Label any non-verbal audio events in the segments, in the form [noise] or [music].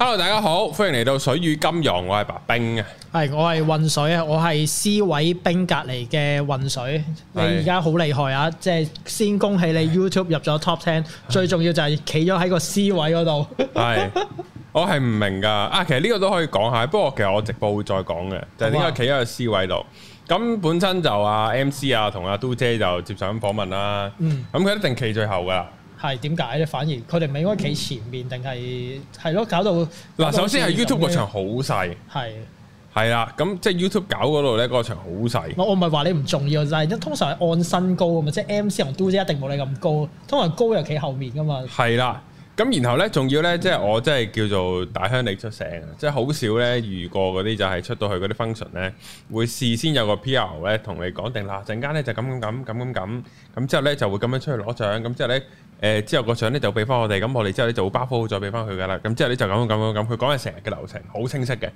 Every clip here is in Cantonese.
hello，大家好，歡迎嚟到水與金融，我係白兵啊，係我係渾水啊，我係 C 位兵隔籬嘅渾水，是你而家好厲害啊，即係先恭喜你 YouTube 入咗 Top Ten，是最重要就係企咗喺個 C 位嗰度，係，我係唔明噶，啊，其實呢個都可以講下，不過其實我直播會再講嘅，就係點解企喺個 C 位度，咁、嗯、本身就阿 MC 啊同阿嘟姐就接受咁訪問啦，嗯，咁佢一定企最後噶。係點解咧？反而佢哋咪應該企前面定係係咯，搞到嗱。首先係 YouTube 個場好細，係係啦。咁即係 YouTube 搞嗰度咧，個場好細。我我唔係話你唔重要，就係通常係按身高噶嘛，即係 M C 王都即係一定冇你咁高，通常高又企後面噶嘛。係啦。咁然後咧，仲要咧，即係我真係叫做大鄉里出城，即係好少咧遇過嗰啲就係出到去嗰啲 function 咧，會事先有個 PR 咧同你講定啦，陣間咧就咁咁咁咁咁咁，咁之後咧就會咁樣出去攞獎，咁之後咧誒之後個獎咧就俾翻我哋，咁我哋之後咧就 buffer 再俾翻佢噶啦，咁之後咧就咁咁咁咁，佢講係成日嘅流程，好清晰嘅。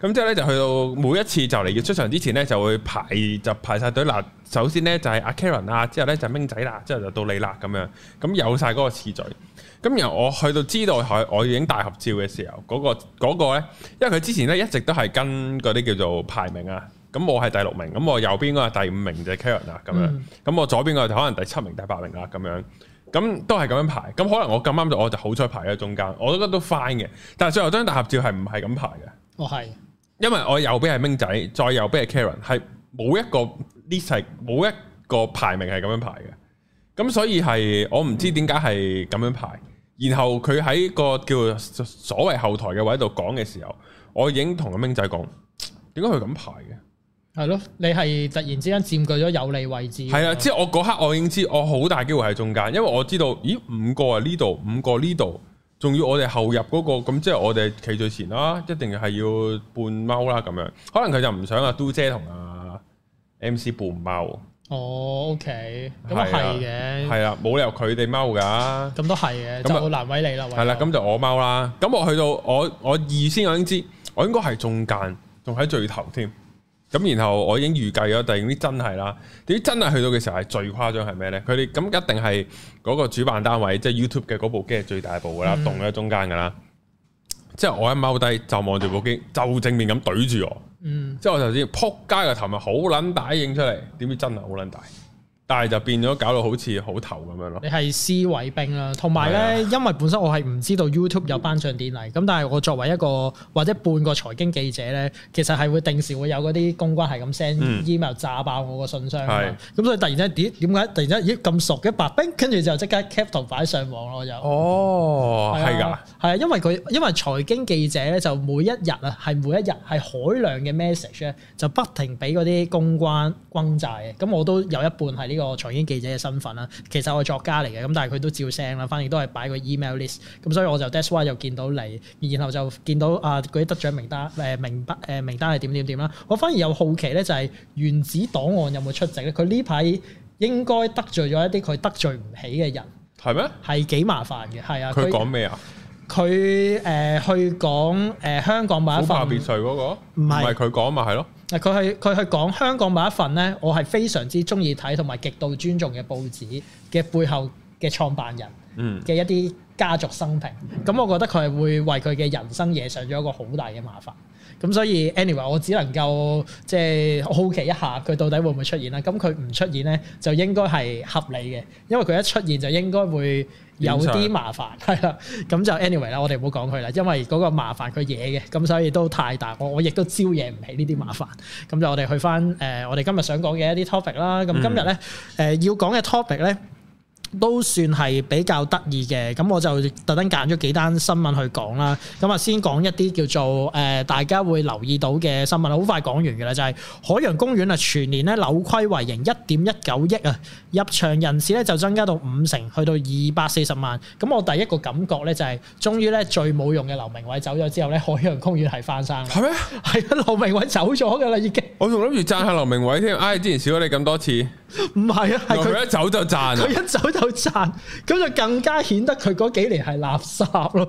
咁之後咧就去到每一次就嚟要出場之前咧，就會排就排晒隊啦。首先咧就係、是、阿 Karen 啦，之後咧就明、是、仔啦，之後就到你啦咁樣。咁有晒嗰個次序。咁然我去到知道我我影大合照嘅時候，嗰個嗰個咧，因為佢之前咧一直都係跟嗰啲叫做排名啊，咁我係第六名，咁我右邊嗰個第五名就係 Karen 啊，咁樣，咁、嗯、我左邊嗰個可能第七名第八名啦，咁樣，咁都係咁樣排，咁可能我咁啱就我就好彩排喺中間，我都覺得都 fine 嘅，但最後張大合照係唔係咁排嘅？哦，係，因為我右邊係明仔，再右邊係 Karen，係冇一個 list 冇一個排名係咁樣排嘅，咁所以係我唔知點解係咁樣排。嗯。然後佢喺個叫做所謂後台嘅位度講嘅時候，我已經同阿明仔講，點解佢咁排嘅？係咯，你係突然之間佔據咗有利位置。係啊，即係我嗰刻我已經知，我好大機會喺中間，因為我知道，咦，五個啊呢度，五個呢度，仲要我哋後入嗰個，咁即係我哋企最前啦，一定係要半貓啦咁樣。可能佢就唔想阿嘟姐同阿 MC 半貓。哦、oh，OK，咁啊係嘅，係啦的，冇的理由佢哋踎噶，咁都係嘅，就，就難為你啦。係啦的，咁有就我踎啦，咁我去到我我預先，我已經知，我應該係中間，仲喺最頭添，咁然後我已經預計咗，但係啲真係啦，點知，真係去到嘅時候係最誇張係咩呢？佢哋咁一定係嗰個主辦單位，即係 YouTube 嘅嗰部機係最大部噶啦，嗯、動喺中間噶啦，即係我一踎低就望住部機，就正面咁懟住我。嗯，即係我頭先扑街嘅頭咪好捻大，影出嚟點知真係好捻大。但係就變咗搞到好似好頭咁樣咯。你係思維兵啦，同埋咧，因為本身我係唔知道 YouTube 有頒獎典禮，咁但係我作為一個或者半個財經記者咧，其實係會定時會有嗰啲公關係咁 send email 炸爆我個信箱嘅。咁所以突然之間點點解突然之間咦咁熟嘅白兵，跟住就即刻 cap 圖擺上網咯就。哦，係㗎。係啊，因為佢因為財經記者咧，就每一日啊，係每一日係海量嘅 message 咧，就不停俾嗰啲公關轟炸嘅。咁我都有一半係呢。呢個財經記者嘅身份啦，其實我係作家嚟嘅，咁但係佢都照聲啦，反而都係擺個 email list，咁所以我就 that's why 就見到你，然後就見到啊嗰啲得獎名單，誒、呃、名不、呃、名單係點點點啦，我反而又好奇咧，就係原子檔案有冇出席咧？佢呢排應該得罪咗一啲佢得罪唔起嘅人，係咩嗎？係幾麻煩嘅，係啊。佢講咩啊？佢誒、呃、去講誒、呃、香港買一份避稅嗰、那個，唔係佢講咪係咯？佢係，佢係講香港某一份咧，我係非常之中意睇同埋極度尊重嘅報紙嘅背後嘅創辦人嘅一啲家族生平，咁 [laughs] 我覺得佢係會為佢嘅人生惹上咗一個好大嘅麻煩。咁所以 anyway 我只能夠即係好奇一下佢到底會唔會出現啦？咁佢唔出現咧就應該係合理嘅，因為佢一出現就應該會有啲麻煩係啦。咁樣就 anyway 啦，我哋唔好講佢啦，因為嗰個麻煩佢惹嘅，咁所以都太大。我我亦都招惹唔起呢啲麻煩。咁、嗯、就我哋去翻誒、呃、我哋今日想講嘅一啲 topic 啦。咁今日咧誒要講嘅 topic 咧，都算係比較得意嘅，咁我就特登揀咗幾單新聞去講啦。咁啊，先講一啲叫做誒大家會留意到嘅新聞啦。好快講完嘅啦，就係海洋公園啊，全年咧扭虧為盈一點一九億啊，入場人士咧就增加到五成，去到二百四十萬。咁我第一個感覺咧就係，終於咧最冇用嘅劉明偉走咗之後咧，海洋公園係翻生。係咩？係啊，劉明偉走咗嘅啦已經。我仲諗住讚下劉明偉添，唉，之前少咗你咁多次。唔係啊，係佢一走就讚啊，佢一走。有賺，咁就更加顯得佢嗰幾年係垃圾咯。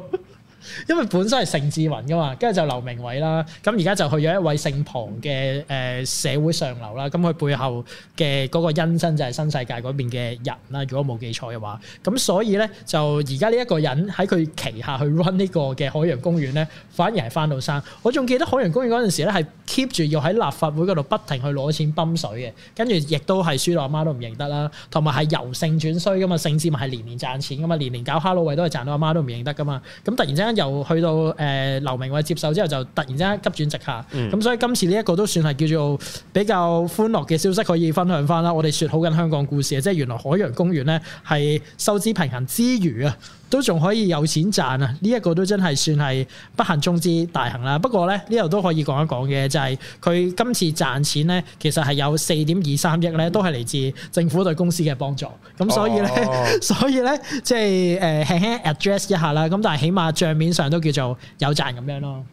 因為本身係盛智文噶嘛，跟住就劉鳴煒啦，咁而家就去咗一位姓龐嘅誒社會上流啦，咁佢、嗯、背後嘅嗰個恩親就係新世界嗰邊嘅人啦，如果冇記錯嘅話，咁所以咧就而家呢一個人喺佢旗下去 run 呢個嘅海洋公園咧，反而係翻到生。我仲記得海洋公園嗰陣時咧係 keep 住要喺立法會嗰度不停去攞錢泵水嘅，跟住亦都係輸到阿媽都唔認得啦，同埋係由盛轉衰噶嘛，盛智文係年年賺錢噶嘛，年年搞 Hello 哈囉喂都係賺到阿媽都唔認得噶嘛，咁突然之間。又去到誒劉鳴煒接受之後，就突然之間急轉直下。咁、嗯、所以今次呢一個都算係叫做比較歡樂嘅消息，可以分享翻啦。我哋説好緊香港故事啊，即係原來海洋公園呢係收支平衡之餘啊，都仲可以有錢賺啊！呢、這、一個都真係算係不幸中之大幸啦。不過咧，呢度都可以講一講嘅，就係、是、佢今次賺錢咧，其實係有四點二三億咧，都係嚟自政府對公司嘅幫助。咁所以咧，哦、 [laughs] 所以咧、就是，即係誒輕輕 address 一下啦。咁但係起碼帳面上都叫做有賺咁樣咯。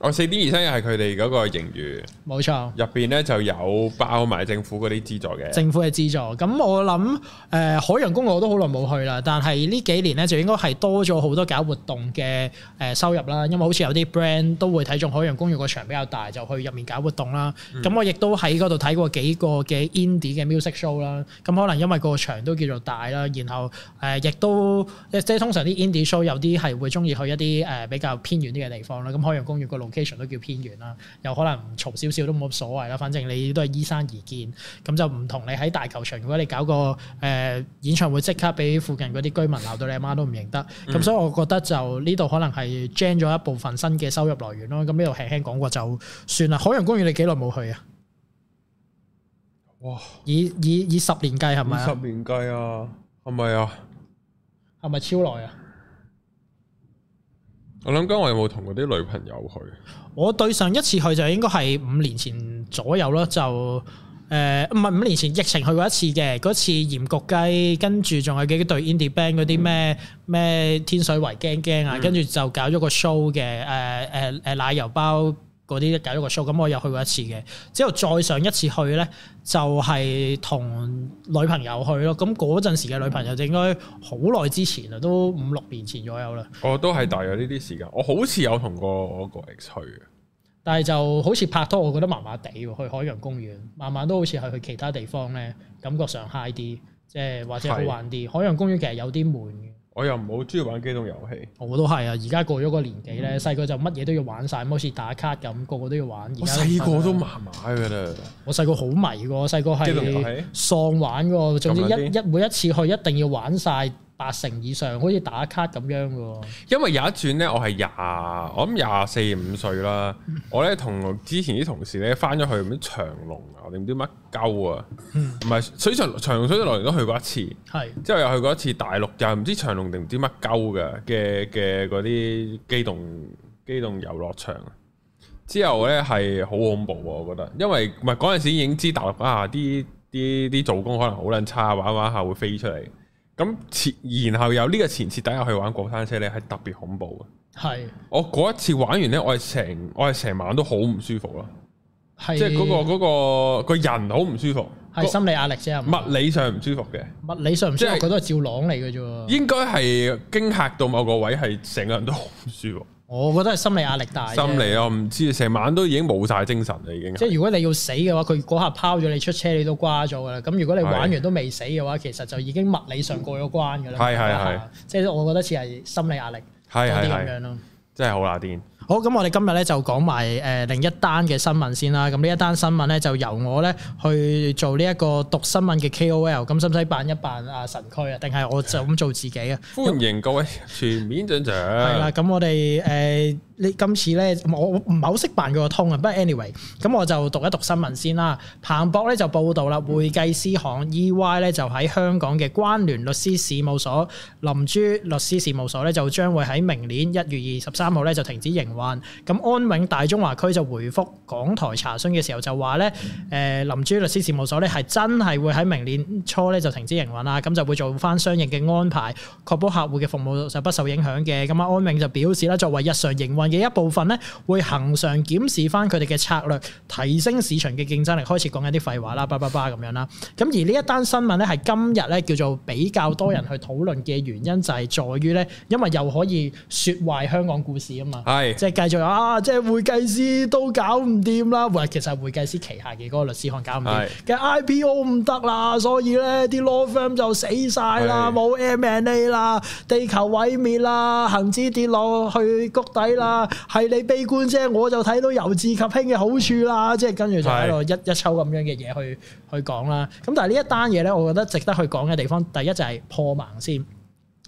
我四 D 二三又係佢哋嗰個盈餘，冇錯。入邊咧就有包埋政府嗰啲資助嘅。政府嘅資助，咁我諗誒、呃、海洋公園我都好耐冇去啦，但係呢幾年咧就應該係多咗好多搞活動嘅誒收入啦，因為好似有啲 brand 都會睇中海洋公園個場比較大，就去入面搞活動啦。咁、嗯、我亦都喺嗰度睇過幾個嘅 indie 嘅 music show 啦。咁可能因為個場都叫做大啦，然後誒亦、呃、都即係、就是、通常啲 indie show 有啲係會中意去一啲誒比較偏遠啲嘅地方啦。咁海洋公園個。都叫偏遠啦，有可能嘈少少都冇乜所謂啦，反正你都係依山而建，咁就唔同你喺大球場，如果你搞個誒、呃、演唱會，即刻俾附近嗰啲居民鬧到你阿媽都唔認得，咁、嗯、所以我覺得就呢度可能係 gen 咗一部分新嘅收入來源咯。咁呢度輕輕講過就算啦。海洋公園你幾耐冇去啊？哇！以以以十年計係咪啊？十年計啊，係咪啊？係咪超耐啊？我諗緊我有冇同嗰啲女朋友去？我對上一次去就應該係五年前左右啦，就誒，唔係五年前，疫情去過一次嘅，嗰次鹽焗雞，跟住仲有幾隊 indie band 嗰啲，咩咩天水圍驚驚啊，跟住、嗯、就搞咗個 show 嘅，誒誒誒奶油包。嗰啲搞咗個 show，咁我又去過一次嘅。之後再上一次去咧，就係、是、同女朋友去咯。咁嗰陣時嘅女朋友就應該好耐之前啦，都五六年前左右啦。我都係大約呢啲時間。我好似有同過我個 ex 去嘅，但係就好似拍拖，我覺得麻麻地。去海洋公園，慢慢都好似係去其他地方咧，感覺上 high 啲，即係或者好玩啲。是海洋公園其實有啲悶。我又唔係好中意玩機動遊戲，我都係啊！而家過咗個年紀咧，細個、嗯、就乜嘢都要玩晒，好似打卡咁，個個都要玩。而家細個都麻麻㗎啦！我細個好迷㗎，我細個係喪玩㗎，總之一一每一次去一定要玩晒。八成以上好似打卡咁樣嘅喎，因為有一轉呢， [laughs] 我係廿我諗廿四五歲啦。我呢同之前啲同事呢，翻咗去咩長隆啊，定唔知乜鳩啊，唔係水長長隆水世界都去過一次， [laughs] 之後又去過一次大陸又，又唔知長隆定唔知乜鳩嘅嘅嘅嗰啲機動機動遊樂場。之後呢係好恐怖喎，我覺得，因為唔係嗰陣時已經知大陸啊啲啲啲做工可能好撚差，玩一玩下會飛出嚟。咁、嗯、前，然後有呢個前設底下入去玩過山車咧，係特別恐怖嘅。係是我嗰一次玩完咧，我係成我係成晚都好唔舒服咯。係即係嗰個嗰個個人好唔舒服，係心理壓力啫。物理上唔舒服嘅，物理上唔舒服佢、就是、都係照朗嚟嘅啫。應該係驚嚇到某個位，係成個人都好唔舒服。我覺得係心理壓力大。心理啊，唔知成晚都已經冇晒精神啦，已經係。即係係如果你要死嘅話，佢嗰下拋咗你出車，你都瓜咗噶啦。咁如果你玩完都未死嘅話，其實就已經物理上過咗關噶啦。係係係。係係係即係我覺得似係心理壓力嗰啲咁樣咯。真係好難癲。好，咁我哋今日咧就講埋誒另一單嘅新聞先啦。咁呢一單新聞咧就由我咧去做呢一個讀新聞嘅 KOL。咁使唔使扮一扮阿神區啊？定係我就咁做自己啊？歡迎各位全面進場。係啦，咁我哋誒。你今次咧，我唔係好識辦嗰個通啊。不過 anyway，咁我就讀一讀新聞先啦。彭博咧就報道啦，會計師行 EY 咧就喺香港嘅關聯律師事務所林珠律師事務所咧就將會喺明年一月二十三號咧就停止營運，咁安永大中華區就回覆港台查詢嘅時候就話咧，誒、呃、林珠律師事務所咧係真係會喺明年初咧就停止營運啦。咁就會做翻相應嘅安排，確保客戶嘅服務就不受影響嘅。咁啊安永就表示啦，作為日常營運嘅一部分咧，會恒常檢視翻佢哋嘅策略，提升市場嘅競爭力。開始講緊啲廢話啦，叭叭叭咁樣啦。咁而呢一單新聞咧，係今日咧叫做比較多人去討論嘅原因，就係在於咧，因為又可以説壞香港故事啊嘛。係是，即係繼續啊！即係會計師都搞唔掂啦，唔係其實會計師旗下嘅嗰個律師可能搞唔掂，嘅 IPO 唔得啦，所以咧啲 law firm 就死晒啦，冇是 M&A 啦，地球毀滅啦，恆指跌落去谷底啦。係你悲觀啫，我就睇到由治及興嘅好處啦，即係跟住就喺度一一，是一,一抽咁樣嘅嘢去去講啦。咁但係呢一單嘢咧，我覺得值得去講嘅地方，第一就係破盲先。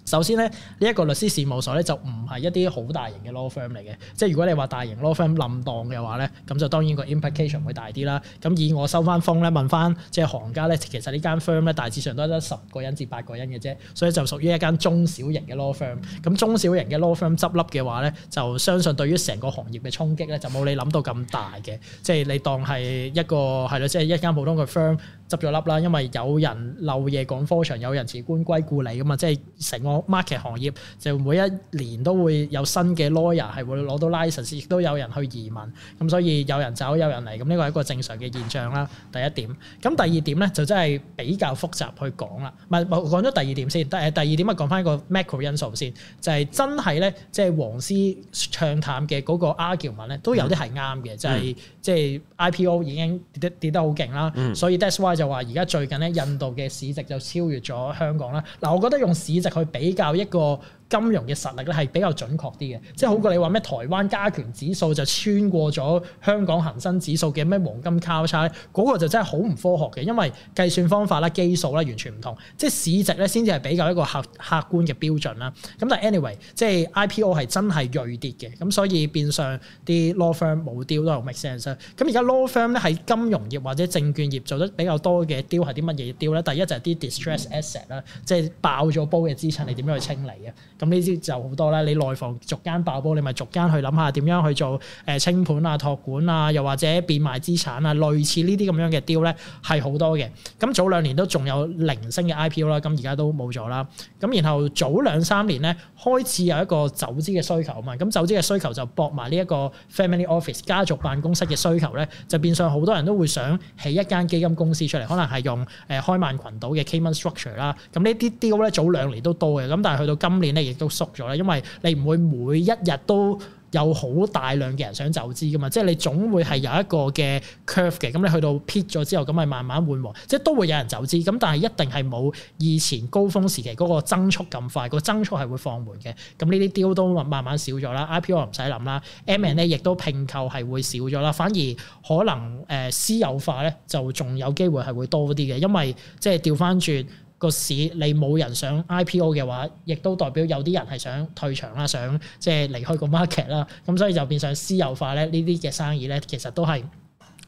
首先咧，呢一個律師事務所咧就唔係一啲好大型嘅 law firm 嚟嘅，即係如果你話大型 law firm 冧檔嘅話咧，咁就當然個 implication 會大啲啦。咁以我收翻風咧問翻即係行家咧，其實呢間 firm 咧大致上都係得十個人至八個人嘅啫，所以就屬於一間中小型嘅 law firm。咁中小型嘅 law firm 執笠嘅話咧，就相信對於成個行業嘅衝擊咧就冇你諗到咁大嘅，即係你當係一個係咯，即係一間普通嘅 firm 執咗笠啦，因為有人漏夜趕科場，有人辭官歸故里㗎嘛，即係成個。market 行業就每一年都會有新嘅 lawyer 係會攞到 license，亦都有人去移民，咁所以有人走有人嚟，咁呢個係一個正常嘅現象啦。第一點，咁第二點咧就真係比較複雜去講啦。唔係講咗第二點先，第二點咪講翻個 macro 因素先，就係、是、真係咧，即係黃絲唱淡嘅嗰個 argument 咧，都有啲係啱嘅，嗯、就係即係 IPO 已經跌得跌得好勁啦，嗯、所以 that's why 就話而家最近咧印度嘅市值就超越咗香港啦。嗱，我覺得用市值去比。比較一個。金融嘅實力咧係比較準確啲嘅，即係好過你話咩台灣加權指數就穿過咗香港恒生指數嘅咩黃金交叉，嗰、那個就真係好唔科學嘅，因為計算方法啦、基數啦完全唔同，即係市值咧先至係比較一個客客觀嘅標準啦。咁但係 anyway，即係 IPO 係真係鋭跌嘅，咁所以變相啲 law firm 冇丟都有 make sense。咁而家 law firm 咧喺金融業或者證券業做得比較多嘅丟係啲乜嘢丟咧？第一就係啲 distress asset 啦，即係爆咗煲嘅資產，你點樣去清理啊？咁呢啲就好多啦，你內房逐間爆煲，你咪逐間去諗下點樣去做誒清盤啊、託管啊，又或者變賣資產啊，類似呢啲咁樣嘅 deal 咧係好多嘅。咁早兩年都仲有零星嘅 IPO 啦，咁而家都冇咗啦。咁然後早兩三年咧開始有一個走資嘅需求啊嘛，咁走資嘅需求就搏埋呢一個 family office 家族辦公室嘅需求咧，就變相好多人都會想起一間基金公司出嚟，可能係用誒開曼群島嘅 Cayman structure 啦。咁呢啲 deal 咧早兩年都多嘅，咁但係去到今年咧，亦都縮咗咧，因為你唔會每一日都有好大量嘅人想走資㗎嘛，即係你總會係有一個嘅 curve 嘅，咁你去到 peak 咗之後，咁咪慢慢緩和，即係都會有人走資，咁但係一定係冇以前高峰時期嗰個增速咁快，個增速係會放緩嘅。咁呢啲 deal 都慢慢少咗啦，IPO 唔使諗啦，M&A 亦都拼購係會少咗啦，反而可能誒、呃、私有化咧就仲有機會係會多啲嘅，因為即係調返轉。個市你冇人想 IPO 嘅話，亦都代表有啲人係想退場啦，想即係離開個 market 啦。咁所以就變相私有化咧，呢啲嘅生意咧，其實都係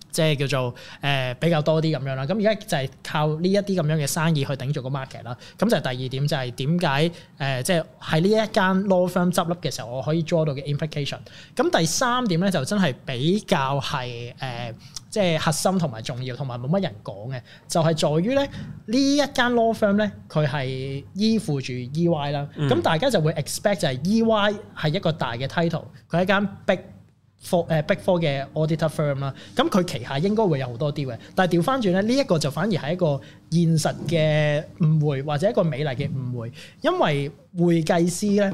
即係叫做誒、呃、比較多啲咁樣啦。咁而家就係靠呢一啲咁樣嘅生意去頂住個 market 啦。咁就係第二點就、呃，就係點解誒，即係喺呢一間 law firm 執笠嘅時候，我可以 draw 到嘅 implication。咁第三點咧，就真係比較係誒。呃即係核心同埋重要，同埋冇乜人講嘅，就係在於咧，呢一間 law firm 咧，佢係依附住 EY 啦。咁大家就會 expect 就係 EY 係一個大嘅 title，佢係一間 big four 誒 big four 嘅 auditor firm 啦。咁佢旗下應該會有好多啲嘅。但係調翻轉咧，呢一個就反而係一個現實嘅誤會，或者一個美麗嘅誤會，因為會計師咧，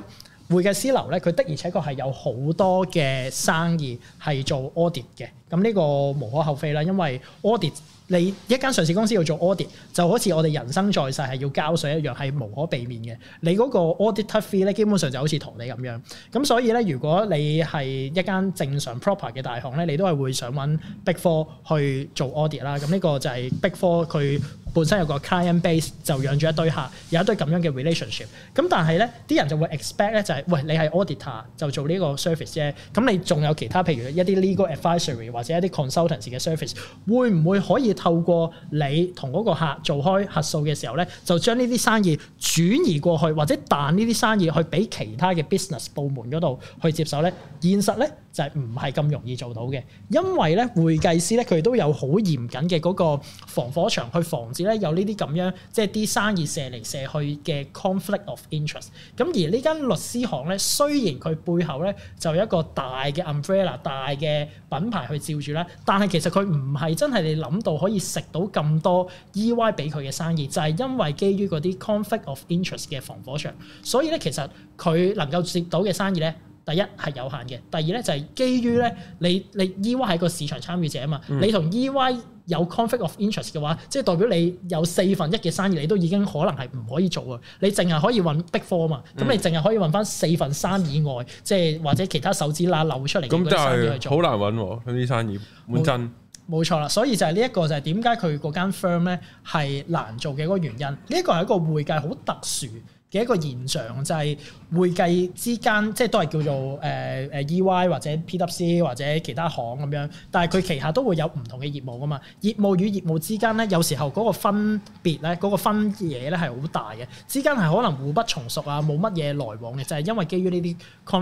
會計師樓咧，佢的而且確係有好多嘅生意係做 audit 嘅。咁呢個無可厚非啦，因為 audit 你一間上市公司要做 audit，就好似我哋人生在世係要交稅一樣，係無可避免嘅。你嗰個 auditor fee 咧，基本上就好似同你咁樣，咁所以咧，如果你係一間正常 proper 嘅大行咧，你都係會想揾 Big Four 去做 audit 啦。咁呢個就係 Big Four 佢本身有個 client base 就養住一堆客，有一堆咁樣嘅 relationship。咁但係咧，啲人就會 expect 咧就係、是、喂，你係 auditor 就做呢個 service 啫。咁你仲有其他譬如一啲 legal advisory。或者一啲 consultancy 嘅 surface 會唔會可以透過你同個客做開核數嘅時候咧，就將呢啲生意轉移過去，或者彈呢啲生意去俾其他嘅 business 部門度去接手咧？現實咧就係唔係咁容易做到嘅，因為咧會計師咧佢都有好嚴謹嘅個防火牆去防止咧有呢啲咁樣，即係啲生意射嚟射去嘅 conflict of interest。咁而呢間律師行咧，雖然佢背後咧就有一個大嘅 umbrella 大嘅品牌去。照住啦，但係其實佢唔係真係你諗到可以食到咁多 EY 俾佢嘅生意，就係因為基於嗰啲 conflict of interest 嘅防火牆，所以咧其實佢能夠接到嘅生意咧。第一係有限嘅，第二咧就係基於咧，你你 EY 係個市場參與者啊嘛，嗯、你同 EY 有 conflict of interest 嘅話，即係代表你有四分一嘅生意，你都已經可能係唔可以做啊！你淨係可以揾 Big Four 啊嘛，咁、嗯、你淨係可以揾翻四分三以外，即係或者其他手指罅漏出嚟咁生意好、嗯、難揾嗰啲生意，冇沒真冇錯啦。所以就係呢一個就係點解佢嗰間 firm 咧係難做嘅嗰個原因。呢一個係一個會計好特殊嘅一個現象就係會計之間，即係都係叫做誒誒、呃、EY 或者 PWC 或者其他行咁樣，但係佢旗下都會有唔同嘅業務噶嘛。業務與業務之間咧，有時候嗰個分別咧，嗰、那個分野咧係好大嘅，之間係可能互不從屬啊，冇乜嘢來往嘅，就係、是、因為基於呢啲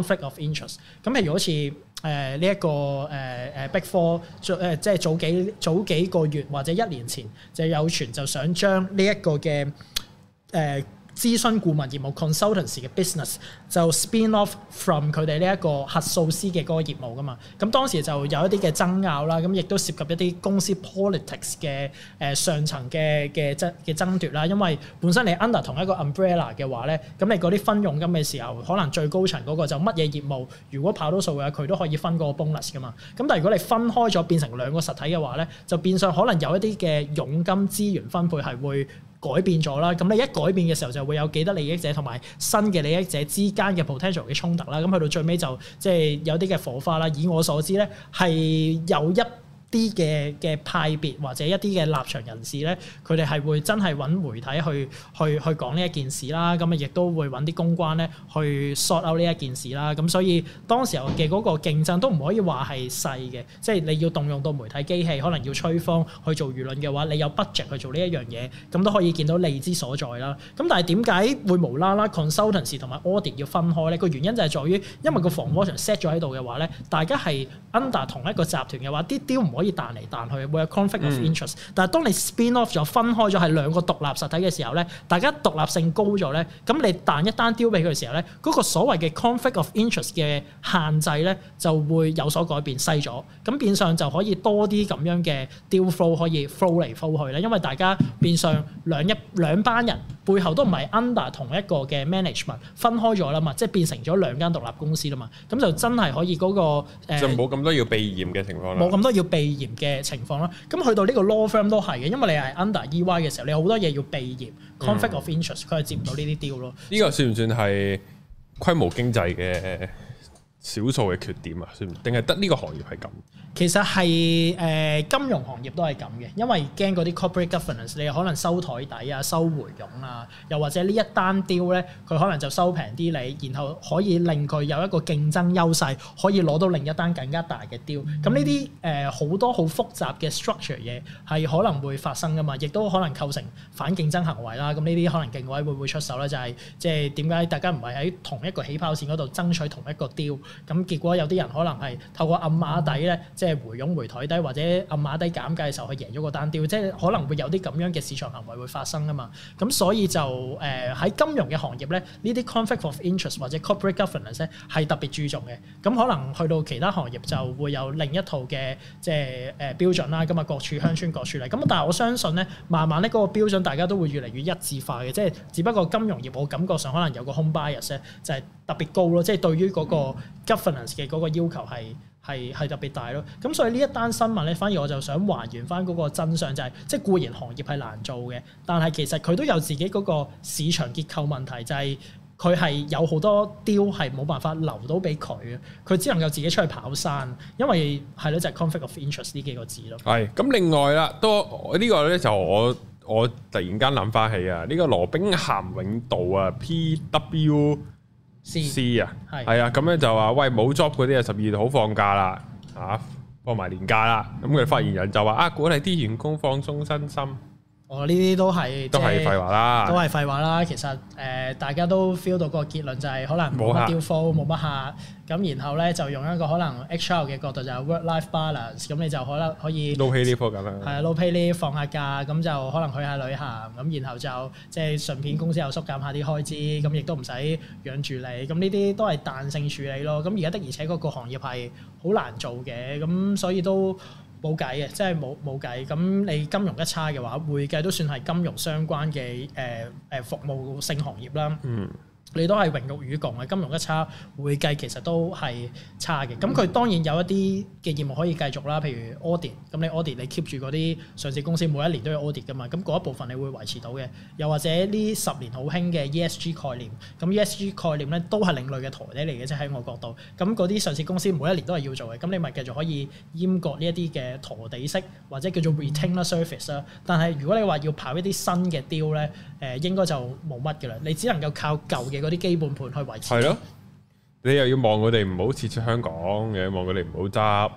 conflict of interest。咁譬如好似誒呢一個誒誒、呃、Big Four 即係早幾早幾個月或者一年前，就有傳就想將呢一個嘅誒。呃諮詢顧問業務 consultancy 嘅 business 就 spin off from 佢哋呢一個核數師嘅嗰個業務噶嘛，咁當時就有一啲嘅爭拗啦，咁亦都涉及一啲公司 politics 嘅誒上層嘅嘅爭嘅爭奪啦，因為本身你 under 同一個 umbrella 嘅話咧，咁你嗰啲分佣金嘅時候，可能最高層嗰個就乜嘢業務，如果跑到數嘅話，佢都可以分個 bonus 噶嘛，咁但係如果你分開咗變成兩個實體嘅話咧，就變相可能有一啲嘅佣金資源分配係會。改變咗啦，咁你一改變嘅時候就會有幾多利益者同埋新嘅利益者之間嘅 potential 嘅衝突啦，咁去到最尾就即係有啲嘅火花啦。以我所知咧，係有一啲嘅嘅派別或者一啲嘅立場人士咧，佢哋係會真係揾媒體去去去講呢一件事啦。咁啊，亦都會揾啲公關咧去 sort out 呢一件事啦。咁所以當時候嘅嗰個競爭都唔可以話係細嘅，即係你要動用到媒體機器，可能要吹風去做輿論嘅話，你有 budget 去做呢一樣嘢，咁都可以見到利之所在啦。咁但係點解會無啦啦 consultants 同埋 audit 要分開咧？個原因就係在於因為個防火牆 set 咗喺度嘅話咧，大家係 under 同一個集團嘅話啲雕唔。可以彈嚟彈去，會有 conflict of interest、嗯。但係當你 spin off 咗，分開咗係兩個獨立實體嘅時候咧，大家獨立性高咗咧，咁你彈一單 deal 俾佢嘅時候咧，嗰、那個所謂嘅 conflict of interest 嘅限制咧就會有所改變細咗，咁變,變相就可以多啲咁樣嘅 deal flow 可以 flow 嚟 flow 去咧，因為大家變相兩一 [laughs] 兩班人背後都唔係 under 同一個嘅 management，分開咗啦嘛，即、就、係、是、變成咗兩間獨立公司啦嘛，咁就真係可以嗰、那個就冇咁多要避嫌嘅情況冇咁多要避。 [laughs] 避嫌嘅情況啦，咁去到呢個 law firm 都係嘅，因為你係 under EY 嘅時候，你好多嘢要避嫌，conflict of interest，佢係接唔到呢啲 deal 咯。呢個算唔算係規模經濟嘅？少數嘅缺點啊，算定係得呢個行業係咁。其實係誒、呃、金融行業都係咁嘅，因為驚嗰啲 corporate governance，你可能收台底啊，收回傭啊，又或者呢一單 deal e 咧，佢可能就收平啲你，然後可以令佢有一個競爭優勢，可以攞到另一單更加大嘅 deal、嗯。e 咁呢啲誒好多好複雜嘅 structure 嘢係可能會發生噶嘛，亦都可能構成反競爭行為啦。咁呢啲可能競委會會唔會出手咧，就係即係點解大家唔係喺同一個起跑線嗰度爭取同一個 deal。咁結果有啲人可能係透過暗碼底咧，即係回傭回台底或者暗碼底減價嘅時候，去贏咗個單調，即係可能會有啲咁樣嘅市場行為會發生噶嘛。咁所以就誒喺、呃、金融嘅行業咧，呢啲 conflict of interest 或者 corporate governance 咧係特別注重嘅。咁可能去到其他行業就會有另一套嘅即係誒、呃、標準啦。咁啊各處鄉村各處嚟。咁但係我相信咧，慢慢咧嗰個標準大家都會越嚟越一致化嘅。即係只不過金融業我感覺上可能有個 home bias 咧，就係特別高咯。即係對於嗰、嗰個 Governance 嘅嗰個要求係係係特別大咯，咁所以呢一單新聞咧，反而我就想還原翻嗰個真相，就係即係固然行業係難做嘅，但係其實佢都有自己嗰個市場結構問題，就係佢係有好多 deal 係冇辦法留到俾佢嘅，佢只能夠自己出去跑山，因為係咯，就係、是、conflict of interest 呢幾個字咯。係咁，另外啦，都呢、這個咧就我我突然間諗翻起啊，呢、這個羅兵咸永道啊，P W。C, C? 啊，係啊，咁樣就話喂冇 job 嗰啲啊，十二月放假啦，嚇放埋年假啦，咁佢發言人就話啊，鼓勵啲員工放鬆身心。我呢啲都係，都係廢話啦，都係廢話啦。其實誒、呃，大家都 feel 到個結論就係可能冇乜調貨，冇乜客。咁、嗯、然後咧就用一個可能 HR 嘅角度就 work-life balance。咁你就可能可以 low、no、pay leave 咁樣，係啊，low pay leave 放下假，咁就可能去下旅行。咁然後就即係、就是、順便公司又縮減下啲開支，咁亦都唔使養住你。咁呢啲都係彈性處理咯。咁而家的而且確個行業係好難做嘅，咁所以都。冇計嘅，即係冇冇計。咁你金融一差嘅話，會計都算係金融相關嘅誒誒服務性行業啦。嗯。你都係榮辱與共嘅，金融一差，會計其實都係差嘅。咁佢當然有一啲嘅業務可以繼續啦，譬如 audit，咁你 audit 你 keep 住嗰啲上市公司每一年都要 audit 噶嘛，咁嗰一部分你會維持到嘅。又或者呢十年好興嘅 ESG 概念，咁 ESG 概念咧都係另類嘅陀地嚟嘅啫，喺我角度。咁嗰啲上市公司每一年都係要做嘅，咁你咪繼續可以閹割呢一啲嘅陀地式或者叫做 retainer service 啦。但係如果你話要跑一啲新嘅 deal 咧，誒、呃、應該就冇乜嘅啦。你只能夠靠舊嘅。啲基本盤去維持。係咯，你又要望佢哋唔好撤出香港嘅，你望佢哋唔好執，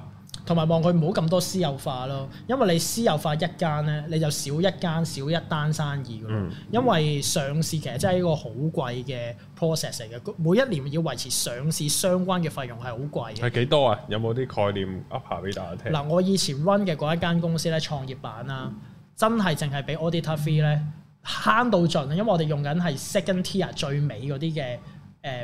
同埋望佢唔好咁多私有化咯。因為你私有化一間咧，你就少一間，少一間，少一單生意噶啦。嗯、因為上市其實真係一個好貴嘅 process 嚟嘅，每一年要維持上市相關嘅費用係好貴嘅。係幾多啊？有冇啲概念噏下俾大家聽？嗱，我以前 run 嘅嗰一間公司咧，創業板啦，嗯、真係淨係俾 auditor fee 咧。慳到盡啊！因為我哋用緊係 second tier 最尾嗰啲嘅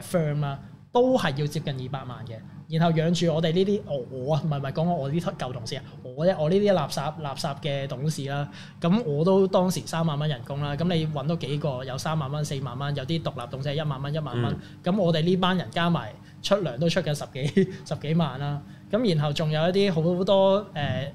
誒 firm 啦，都係要接近二百萬嘅。然後養住我哋呢啲我，啊，唔係唔係講我我啲舊同事啊，我啫，我呢啲垃圾垃圾嘅董事啦，咁我都當時三萬蚊人工啦。咁你揾到幾個有三萬蚊、四萬蚊，有啲獨立董事係一萬蚊、一萬蚊。咁、嗯、我哋呢班人加埋出糧都出緊十幾十幾萬啦。咁然後仲有一啲好多誒。呃嗯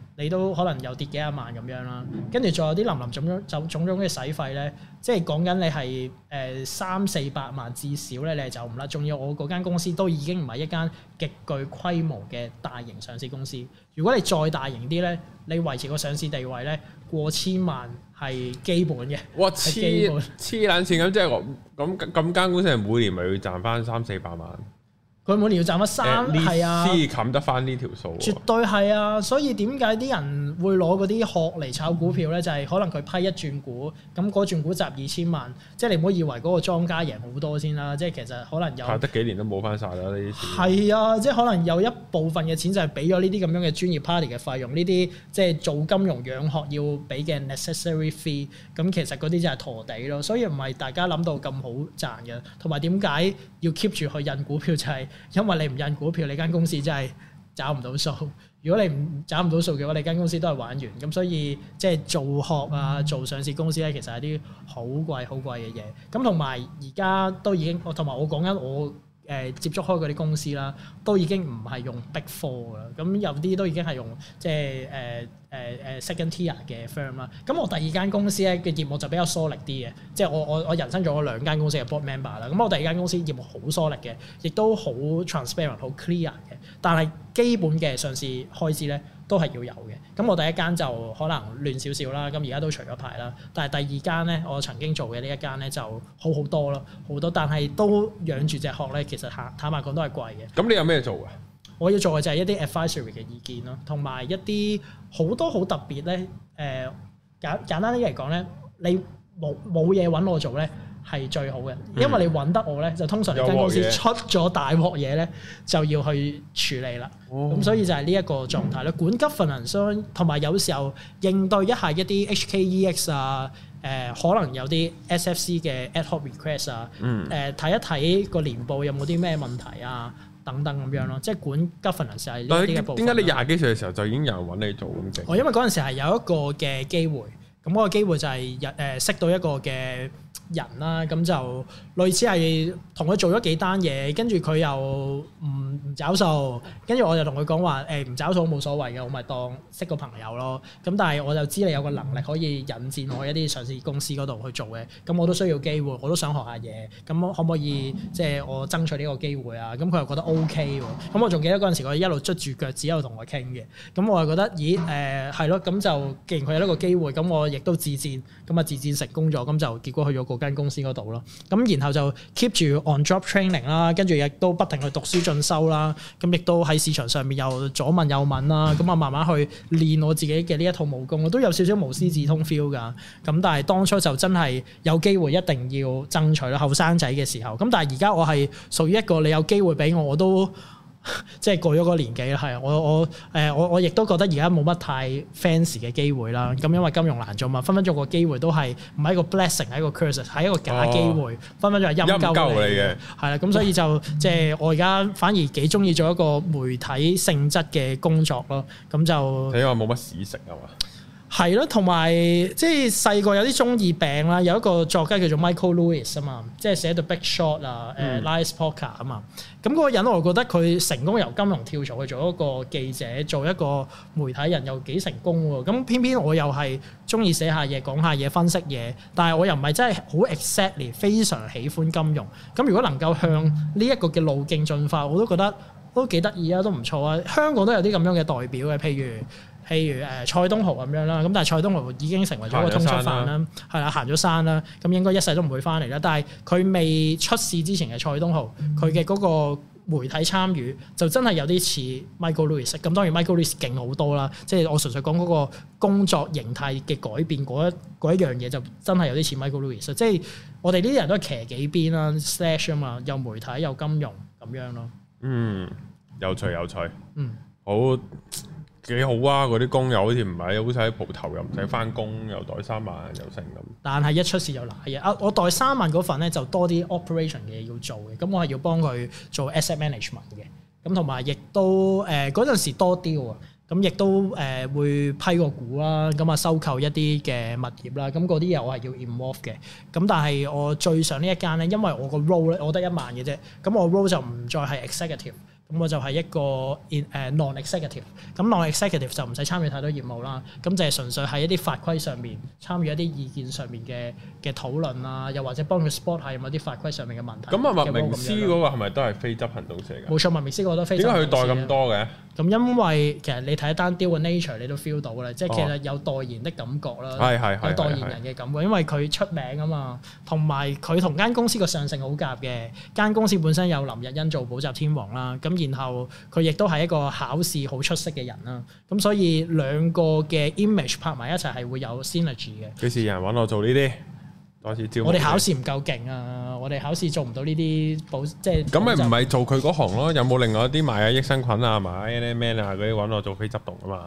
你都可能又跌幾廿萬咁樣啦，嗯、跟住仲有啲林林總總、種種嘅使費咧，即係講緊你係誒、呃、三四百萬至少咧，你係走唔甩。仲要我嗰間公司都已經唔係一間極具規模嘅大型上市公司。如果你再大型啲咧，你維持個上市地位咧，過千萬係基本嘅。哇！黐黐撚線咁，即係我咁咁間公司係每年咪要賺返三四百萬？佢每年要賺翻三年，先係冚得翻呢條數？絕對係啊！所以點解啲人會攞嗰啲殼嚟炒股票咧？嗯、就係可能佢批一轉股，咁嗰轉股集二千萬，即、就、係、是、你唔好以為嗰個莊家贏好多先啦。即、就、係、是、其實可能有，拍得幾年都冇翻晒啦呢啲。係啊，即、就、係、是、可能有一部分嘅錢就係俾咗呢啲咁樣嘅專業 party 嘅費用，呢啲即係做金融養殼要俾嘅 necessary fee。咁其實嗰啲就係陀地咯。所以唔係大家諗到咁好賺嘅。同埋點解要 keep 住去印股票就係、是？因為你唔印股票，你間公司真係找唔到數。如果你唔找唔到數嘅話，你間公司都係玩完。咁所以即係、就是、做殼啊，做上市公司咧，其實係啲好貴、好貴嘅嘢。咁同埋而家都已經，我同埋我講緊我。誒接觸開嗰啲公司啦，都已經唔係用 Big Four 啦，咁有啲都已經係用即係誒誒誒 Second Tier 嘅 firm 啦。咁我第二間公司咧嘅業務就比較 solid 啲嘅，即係我我我人生做咗兩間公司嘅 Board Member 啦。咁我第二間公司業務好 solid 嘅，亦都好 transparent、好 clear 嘅，但係基本嘅上市開支咧，都係要有嘅，咁我第一間就可能亂少少啦，咁而家都除咗牌啦。但係第二間咧，我曾經做嘅呢一間咧就好好多咯，好多，但係都養住隻殼咧。其實坦坦白講都係貴嘅。咁你有咩做啊？我要做嘅就係一啲 advisory 嘅意見咯，同埋一啲好多好特別咧。誒、呃，簡簡單啲嚟講咧，你冇冇嘢揾我做咧？係最好嘅，因為你揾得我咧，嗯、就通常你間公司出咗大鑊嘢咧，就要去處理啦。咁、哦、所以就係呢一個狀態咧，嗯、管 governance 同埋有時候應對一下一啲 HKEX 啊、呃，誒可能有啲 SFC 嘅 ad hoc request 啊、嗯，誒睇、呃、一睇個年報有冇啲咩問題啊，等等咁樣咯。嗯、即係管 governance 係呢一部分。點解你廿幾歲嘅時候就已經有人揾你做？我、哦、因為嗰陣時係有一個嘅機會，咁、那、嗰個機會就係入誒識到一個嘅。人啦、啊，咁就類似係同佢做咗幾單嘢，跟住佢又唔唔找數，跟住我就同佢講話，誒唔找數冇所謂嘅，我咪當識個朋友咯。咁但係我就知你有個能力可以引薦我一啲上市公司嗰度去做嘅，咁我都需要機會，我都想學下嘢，咁可唔可以即係、就是、我爭取呢個機會啊？咁佢又覺得 O K，咁我仲記得嗰陣時佢一路捽住腳趾一路同我傾嘅，咁我就覺得咦誒係咯，咁、呃、就既然佢有呢個機會，咁我亦都自薦，咁啊自薦成功咗，咁就結果去咗個。間公司嗰度咯，咁然後就 keep 住 on job training 啦，跟住亦都不停去讀書進修啦，咁亦都喺市場上面又左問右問啦，咁啊慢慢去練我自己嘅呢一套武功，我都有少少無師自通 feel 噶。咁但係當初就真係有機會一定要爭取啦，後生仔嘅時候，咁但係而家我係屬於一個你有機會俾我，我都。即係過咗個年紀啦，係啊我我誒我我亦都覺得而家冇乜太 fancy 嘅機會啦。咁因為金融難做嘛，分分鐘個機會都係唔係一個 blessing 係一個 curses 係一個假機會，分分鐘係陰溝嚟嘅。係啦，咁所以就即係、就是、我而家反而幾中意做一個媒體性質嘅工作咯。咁就你話冇乜屎食啊嘛。係咯，同埋即係細個有啲中意病啦。有一個作家叫做 Michael Lewis 啊嘛、嗯，即係寫到 Big Short 啊、uh、誒 Liar's Poker 啊嘛。咁嗰個人我覺得佢成功由金融跳槽去做一個記者，做一個媒體人又幾成功喎。咁偏偏我又係中意寫下嘢、講下嘢、分析嘢，但係我又唔係真係好 exactly，非常喜歡金融。咁如果能夠向呢一個嘅路徑進化，我都覺得都幾得意啊，都唔錯啊。香港都有啲咁樣嘅代表嘅，譬如，譬如誒蔡東豪咁樣啦，咁但係蔡東豪已經成為咗個通緝犯啦，係啦，行咗山啦，咁應該一世都唔會翻嚟啦。但係佢未出事之前嘅蔡東豪，佢嘅嗰個媒體參與就真係有啲似 Michael Lewis。咁當然 Michael Lewis 勁好多啦，即係我純粹講嗰個工作形態嘅改變嗰一一樣嘢，就真係有啲似 Michael Lewis。即係我哋呢啲人都係騎幾邊啦，slash 啊嘛，有媒體有金融咁樣咯。嗯，有趣有趣。嗯，好。幾好啊！嗰啲工友好似唔係，好似喺鋪頭又唔使翻工，嗯、又袋三萬又剩咁。但係一出事又賴嘢啊！我袋三萬嗰份咧，就多啲 operation 嘅嘢要做嘅，咁我係要幫佢做 asset management 嘅。咁同埋亦都誒嗰陣時多啲喎，咁亦都誒、呃、會批個股啦，咁啊收購一啲嘅物業啦，咁嗰啲嘢我係要 involve 嘅。咁但係我最上呢一間咧，因為我個 role 咧，我得一萬嘅啫，咁我 role 就唔再係 executive。咁我就係一個 in 呃 non-executive 咁 non-executive non 就唔使參與太多業務啦，咁就係純粹喺一啲法規上面參與一啲意見上面嘅嘅討論啊，又或者幫佢 spot 下有冇啲法規上面嘅問題。咁啊、嗯，文明師麥明詩嗰個係咪都係非執行董事㗎？冇錯，麥明詩嗰個都非執行董事。點解佢代咁多嘅？咁因為其實你睇單 deal 嘅 nature，你都 feel 到啦，即係其實有代言的感覺啦，oh. 有代言人嘅感覺，oh. 因為佢出名啊嘛，同埋佢同間公司嘅上性好夾嘅，間公司本身有林溢欣做補習天王啦，咁然後佢亦都係一個考試好出色嘅人啦，咁所以兩個嘅 image 拍埋一齊係會有 synergy 嘅。幾時有人揾我做呢啲？我哋考試唔夠勁啊！我哋考試做唔到呢啲保，即係咁咪唔係做佢嗰行咯？有冇另外一啲賣啊益生菌啊賣啲咩啊嗰啲，揾我做非執董啊嘛？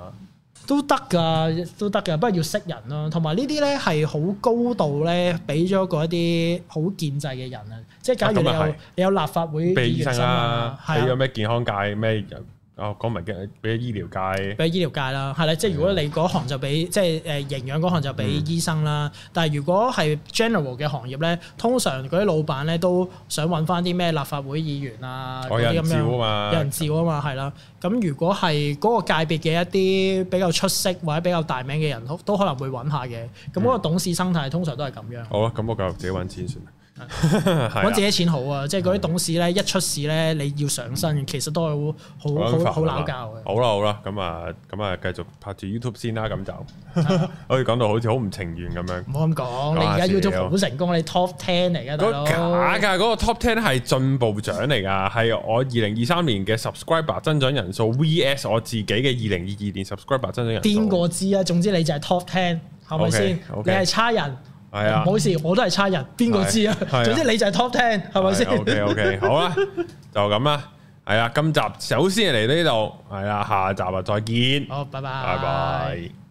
都得噶，都得噶，不過要識人咯。同埋呢啲咧係好高度咧，俾咗嗰一啲好建制嘅人啊！人即係假如你有立法會，俾醫生啦，俾咗咩健康界咩人。啊哦，講埋嘅俾醫療界，俾醫療界啦，係啦，即係如果你嗰行就俾，即係誒營養嗰行就俾醫生啦。嗯、但係如果係 general 嘅行業咧，通常嗰啲老闆咧都想揾翻啲咩立法會議員啊嗰啲咁樣，有人照啊嘛，係啦。咁樣如果係嗰個界別嘅一啲比較出色或者比較大名嘅人，都可能會揾下嘅。咁嗰、嗯、個董事生態通常都係咁樣。嗯、好啊，咁我繼續自己揾錢先。揾自己錢好啊，即係嗰啲董事咧一出事咧你要上身，其實都好好好撈教嘅。好啦好啦，咁啊咁啊，繼續拍住 YouTube 先啦，咁就可以講到好似好唔情願咁樣。唔好咁講，你而家 YouTube 好成功，你 Top Ten 嚟噶假噶，嗰個 Top Ten 係進步獎嚟噶，係我二零二三年嘅 subscriber 增長人數 VS 我自己嘅二零二二年 subscriber 增長人數。掂過支啊，總之你就係 Top Ten，係咪先？你係差人。係啊， [music] [music] 唔好意思，我都係差人，邊個知啊？ [music] [music] 總之你就係 top ten，係咪先？OK OK，好啦，就咁啦，係啊，今集首先嚟呢度，係啦，下集啊，再見，好，拜拜，拜拜。